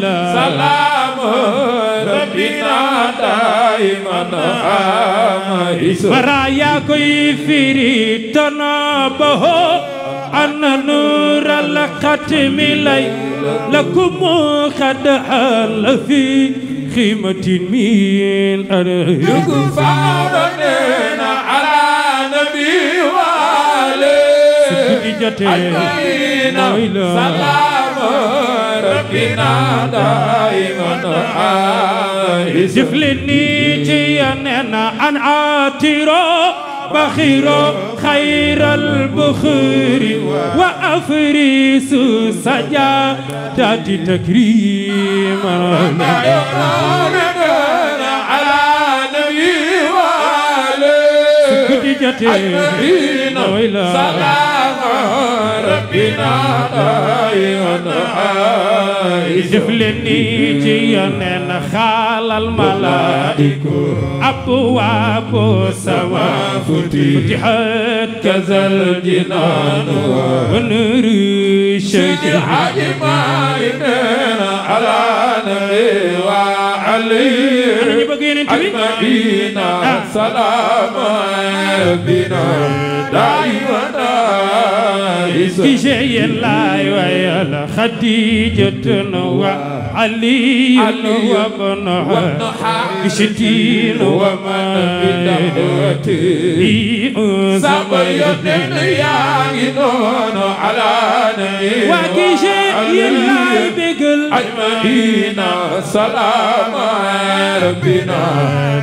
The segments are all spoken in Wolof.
سلام ربنا دائما برايا کوئی فری تناب ہو أن نور الختم لي لكم قد حل في خيمة من أرهب يكفارنا على نبي وآله سجد جتين سلام ربنا دائما جفلني جيانا عن عاترا بخير خير البخير وأفريس سجادة تكريما ما يقرأنا على نبي وآله سكتجة الذين صلاة ربنا دائما جفلني جيانا خال الملائكة أبواب سوافتي فتحت كذا الجنان ونور الشيخ الحاج مالنا على نبي وعلي أجمعين آه. سلام ربنا دائما كي شيء لا ويا خديجة وعلي وابنها شتين وما سبيون يعينون على وكي شيء لا بقل أجمعين سلام ربنا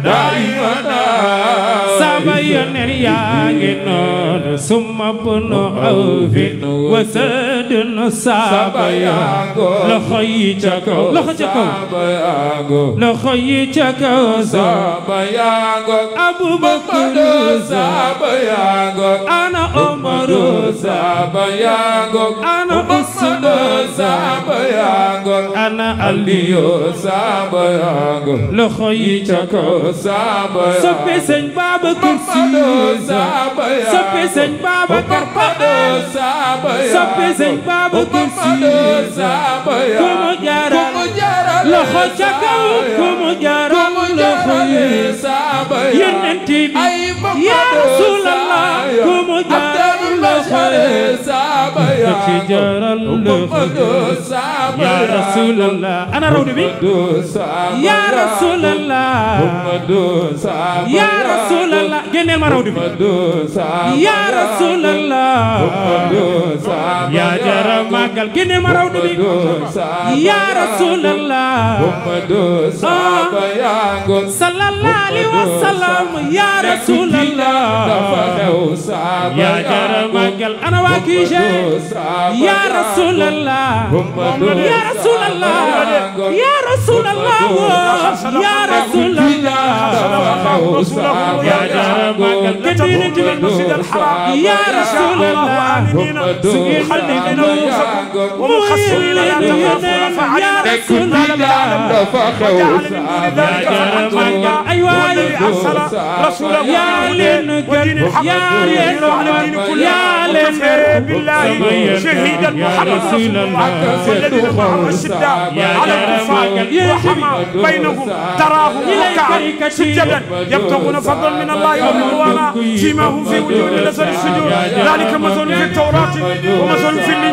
دائما ba yonent yaa ngi noonu suma bunu aw fi wasal dënn saaba yaango loxo yi ca kaw loxo ca kaw saaba yaango loxo yi ca kaw saaba yaango abubakru saaba yaango ana omaru saaba yaango ana usma saaba yaango ana aliyo saaba yaango loxo yi ca kaw saaba yaango soppe sëñ Babacar Si soppe sëñ Babacar Pado saaba yaango soppe sëñ Babakar Si ku mu jaaral loxo ca kaw ku mu jaaral loxo yi yonent bi ya Rasulallah ku mu jaaral loxo yi ku ci jaaral loxo yi ya Rasulallah ana rawdu bi ya Rasulallah ya Rasulallah génneel ma rawdu bi ya Rasulallah raw màggal génne ma raw du bi ya rasulallah sallallahu alayhi wa sallam ya rasulallah ya jara màggal ana waa kii ya rasulallah ya rasulallah ya rasulallah ya rasulallah ya jara màggal génne ya rasulallah ومخص لا تخاف فعندك كل العالم وجعل من ذلك فرحا أيوة أرسل رسوله يا لين ودين الحق يا لين على دين كل وكفى بالله شهيدا محمد رسول الله والذين معه الشداء على الكفار وحما بينهم تراهم ركعا سجدا يبتغون فضلا من الله ورضوانا فيما هم في وجوه نزل السجود ذلك مثل في التوراة ومثل في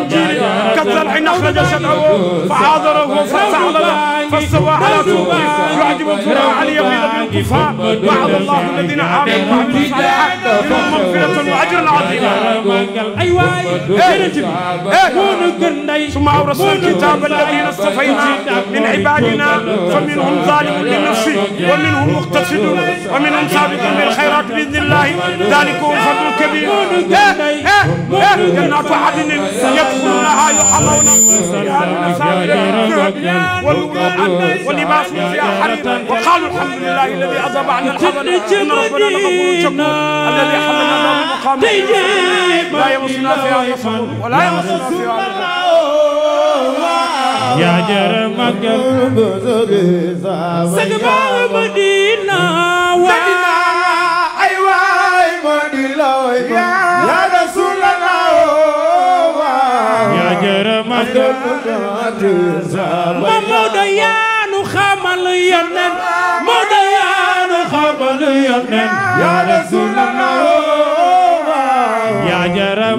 كثر حين أخرج شدعه فحاضره فاستعضله فاستوى على طوبى يعجب الفراء عليا من الكفاء وعد الله الذين امنوا وعملوا الصالحات لهم مغفره واجرا عظيما ايوه ثم اورثنا الكتاب الذين اصطفينا من عبادنا فمنهم ظالم لنفسه ومنهم مقتصد ومنهم سابق بالخيرات باذن الله ذلك هو الفضل الكبير جنات عدن يدخلونها يحلون والولاء عنا ولباس فيها حرير وقالوا الحمد لله الذي أذهب عنا الحزن إن ربنا لغفور شكور الذي حملنا من مقام لا يمسنا فيها نصب ولا يمسنا فيها يا جرم قلب زغزا سقما مدينة وعلا أيوة مدينة يا Maodo yaanu xamal yonent Maodo yaanu xamal yonent yaa Rasulallah yaa jara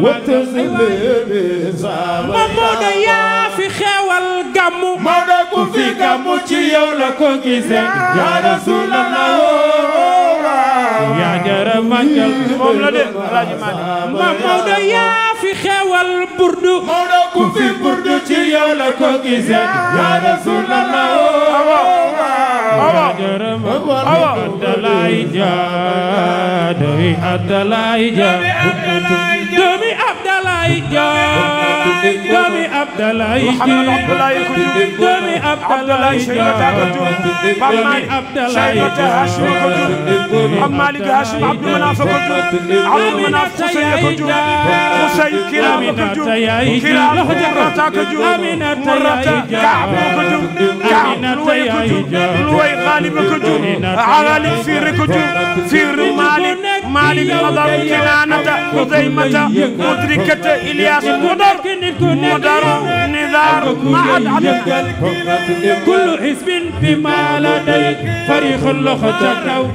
Maodo yaa fi xewal gàmmu Maodo ku fi gàmmu ci yow la ko gisee yaa Rasulallah yaa jara màggal moom la de ma Maodo fi xewal burdu Maodo fi burdu ci yow la ko gisee yaa rasulallah oh, oh, oh, awa awa awa adalaay ja doomi adalaay ja doomi abdalaay Abdoulaye Mouhamed Abdoulaye Koudou doomi Abdoulaye Cheikh Koudou Pape Malick Cheikh Hachim Koudou Pape Malick Hachim Abdou Manaf Koudou Abdou Manaf Kousey Koudou Kousey Kiram Koudou Kiram Murata Koudou Murata Kaab Koudou Kaab Louway Koudou Louway Ghalib Koudou Ghalib Fir Koudou Fir Malick مالك مضر كنانة خزيمة مدركة إلياس مدر مدر نذار مع العدد كل حزب بما لديك فريق لخطة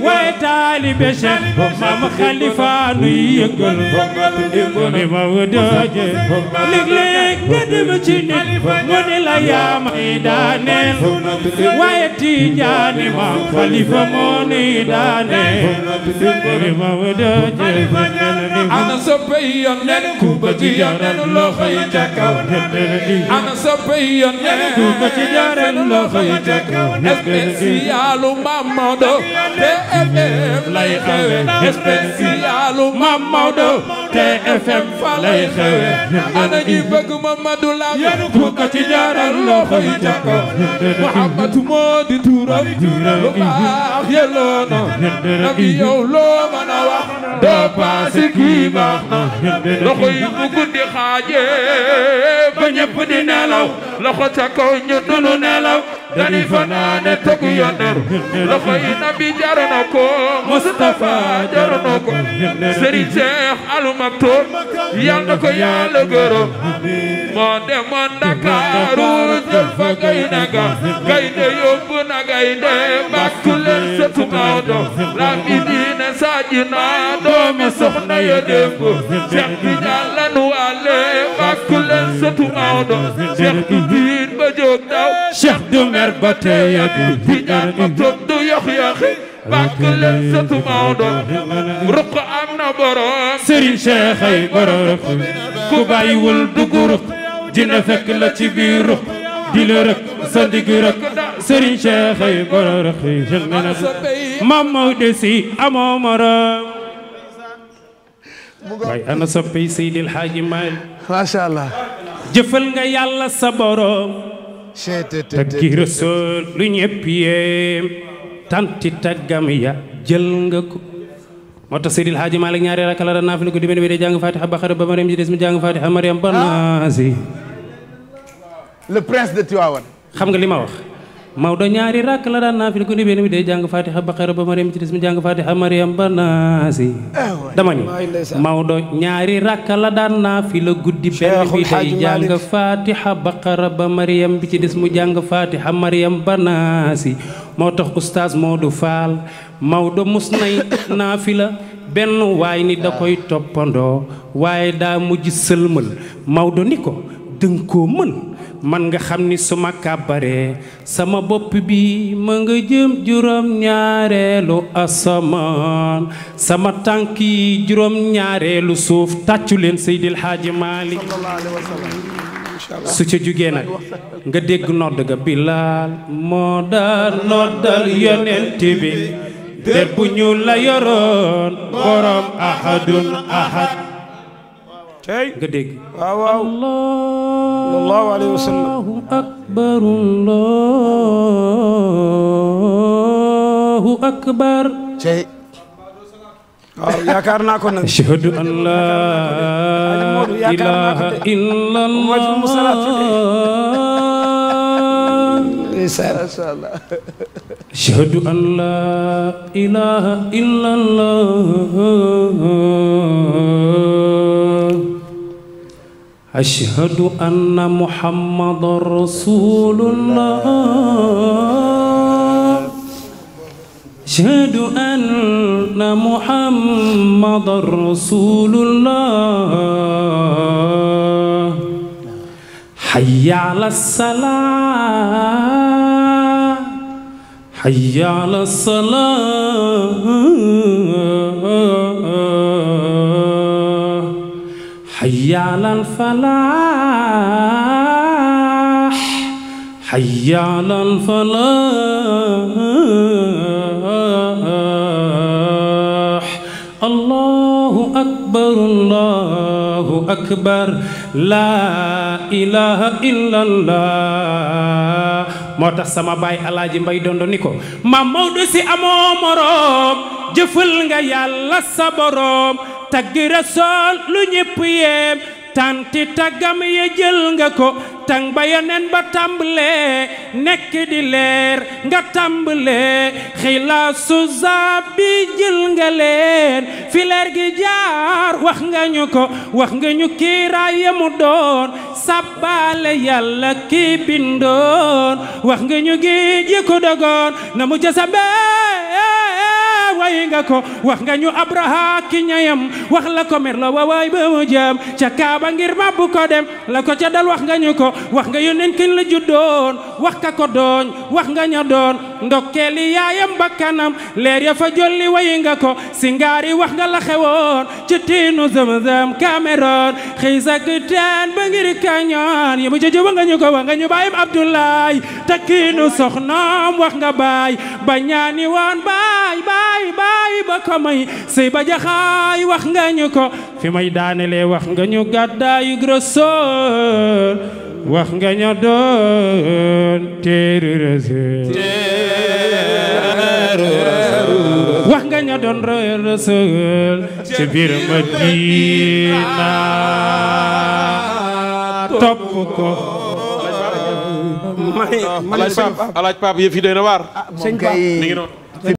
ويتالي بشر مام خليفة نيقل بمودج لقلق قدم جنين من لا ميدانين ويتيجاني مام خليفة موني دانين ana soppey yonent ku ba ci loxo yi ca kaw ana soppey yonent ku ba ci loxo yi ca kaw spécialu Mamadou TFM lay xewe spécialu Mamadou TFM fa lay xewe ana ñi bëgg Mamadou Lam yéen ku ko ci jaaral loxo yi jàkko Muhammadu moo di tuuram lu baax yelloo na nabi yow loo mën a wax doo paase kii baax na loxo yi bu guddi xaaje ba ñëpp di nelaw loxo ca kaw ñu dunu nelaw dañuy fanaane tëgg yonor loxo yi nabi jar na ko Mustafa jar ko Serigne Cheikh Alou yal na ko Yàlla gërëm moo demoon Ndakaaru jël fa gaynde ga gaynde yóbbu na gaynde bàkku leen sëtu Maodo rabbi diine saaji na doomi soxna ya démb bi jàll la nu wàlle bàkku leen sëtu Maodo Cheikh bi diin ba jóg cheikh du mer ba tey yàggul di ñaan ma tudd yox yaxi bàkk leen sëtu Maodo ruq am na borom Serigne Cheikh ay borom ku bàyyiwul dugg ruq dina fekk la ci biir ruq di la rëkk sa ndig rëkk Serigne Cheikh ay borom maam Maodo si amoo morom waaye ana soppay Seydil Hadji Malick macha allah jëfal nga yàlla sa borom taggi rësoolu ñépp yéem tanti taggam ya jël nga ko moo tax Seydil Haaji Maalik ñaari rakka la daan naa fi lu ko dimene bi dee jàng Faatiha Baqara ba Mariam ji des mi jàng Faatiha Mariam ba ah. naasi le prince de Tivaouane xam nga li ma wax Maodo ñaari rakk la daan naafila guddi benn bi day jàng Fatiha Baqara ba Mariam ci des mi jàng Fatiha Mariam ba naasi eh, dama ñaari rakk la daan naafila guddi benn bi day jàng Fatiha Baqara ba Mariam bi ci des mu jàng Fatiha Mariam ba naasi moo tax oustaz Modou Fall Maodo mus nay la benn waay ni da koy toppandoo waaye daa mujj sëlmal Maodo ni ko dëng koo mën man nga xam ni sama bopp bi ma nga jëm juróom ñaareelu sama tangki juram nyare ñaareelu suuf tàccu leen Seydil Haaji Maalik su ca jugee nag nga dégg nodd ga bilaal moo daan noddal yonent bi la borom ahadun ahad tey nga dégg waaw waaw allahu alayhi wa sallam allahu akbar allahu akbar tey waaw yaakaar naa ko nag ashhadu an laa ilaaha illallah ashhadu an laa ilaaha illallah أشهد أن محمد رسول الله أشهد أن محمد رسول الله حي على الصلاة حي على الصلاة حي على الفلاح حي على الفلاح الله أكبر الله أكبر لا إله إلا الله sama baay alaaji mbay dondo ni ko si amoo moroom jëfal nga yàlla sa taggi rasool lu ñépp yéem tanti taggam ya jël nga ko tàng ba yeneen ba tàmbalee nekk di leer nga tàmbalee xilaasu zaab bi jël nga leen fi leer gi jaar wax nga ñu ko wax nga ñu kiiraay ya mu doon sàbbaale yàlla kii bindoon wax nga ñu géej yi dogoon na mu ca sa Wah nga ko wax nga ñu abraha ki ñayam wax la ko mer la waay ba mu jëm ca kaaba ngir mabbu ko dem la ko ca dal wax nga ñu ko wax nga yónneen kañ la juddoon wax ka ko doon wax nga ña doon ndokkeeli yaayam bakkanam leer ya fa jolli wayi ko singaari wax nga la ci zamzam Cameroon xiisak teen ba ngir kañoon nga ñu ko wah nga ñu baayam Abdoulaye takkiinu soxnaam wax nga baay ba ñaani woon baay jaxaay ba ko may ba jaxaay wax nga ko fi may daanelee wax nga ñu gàddaayu Rasool wax nga ñu doon teeru Rasool wax nga doon Rasool ci biir topp ko alaaj Pape yëf yi na waar sëñ ah, Pape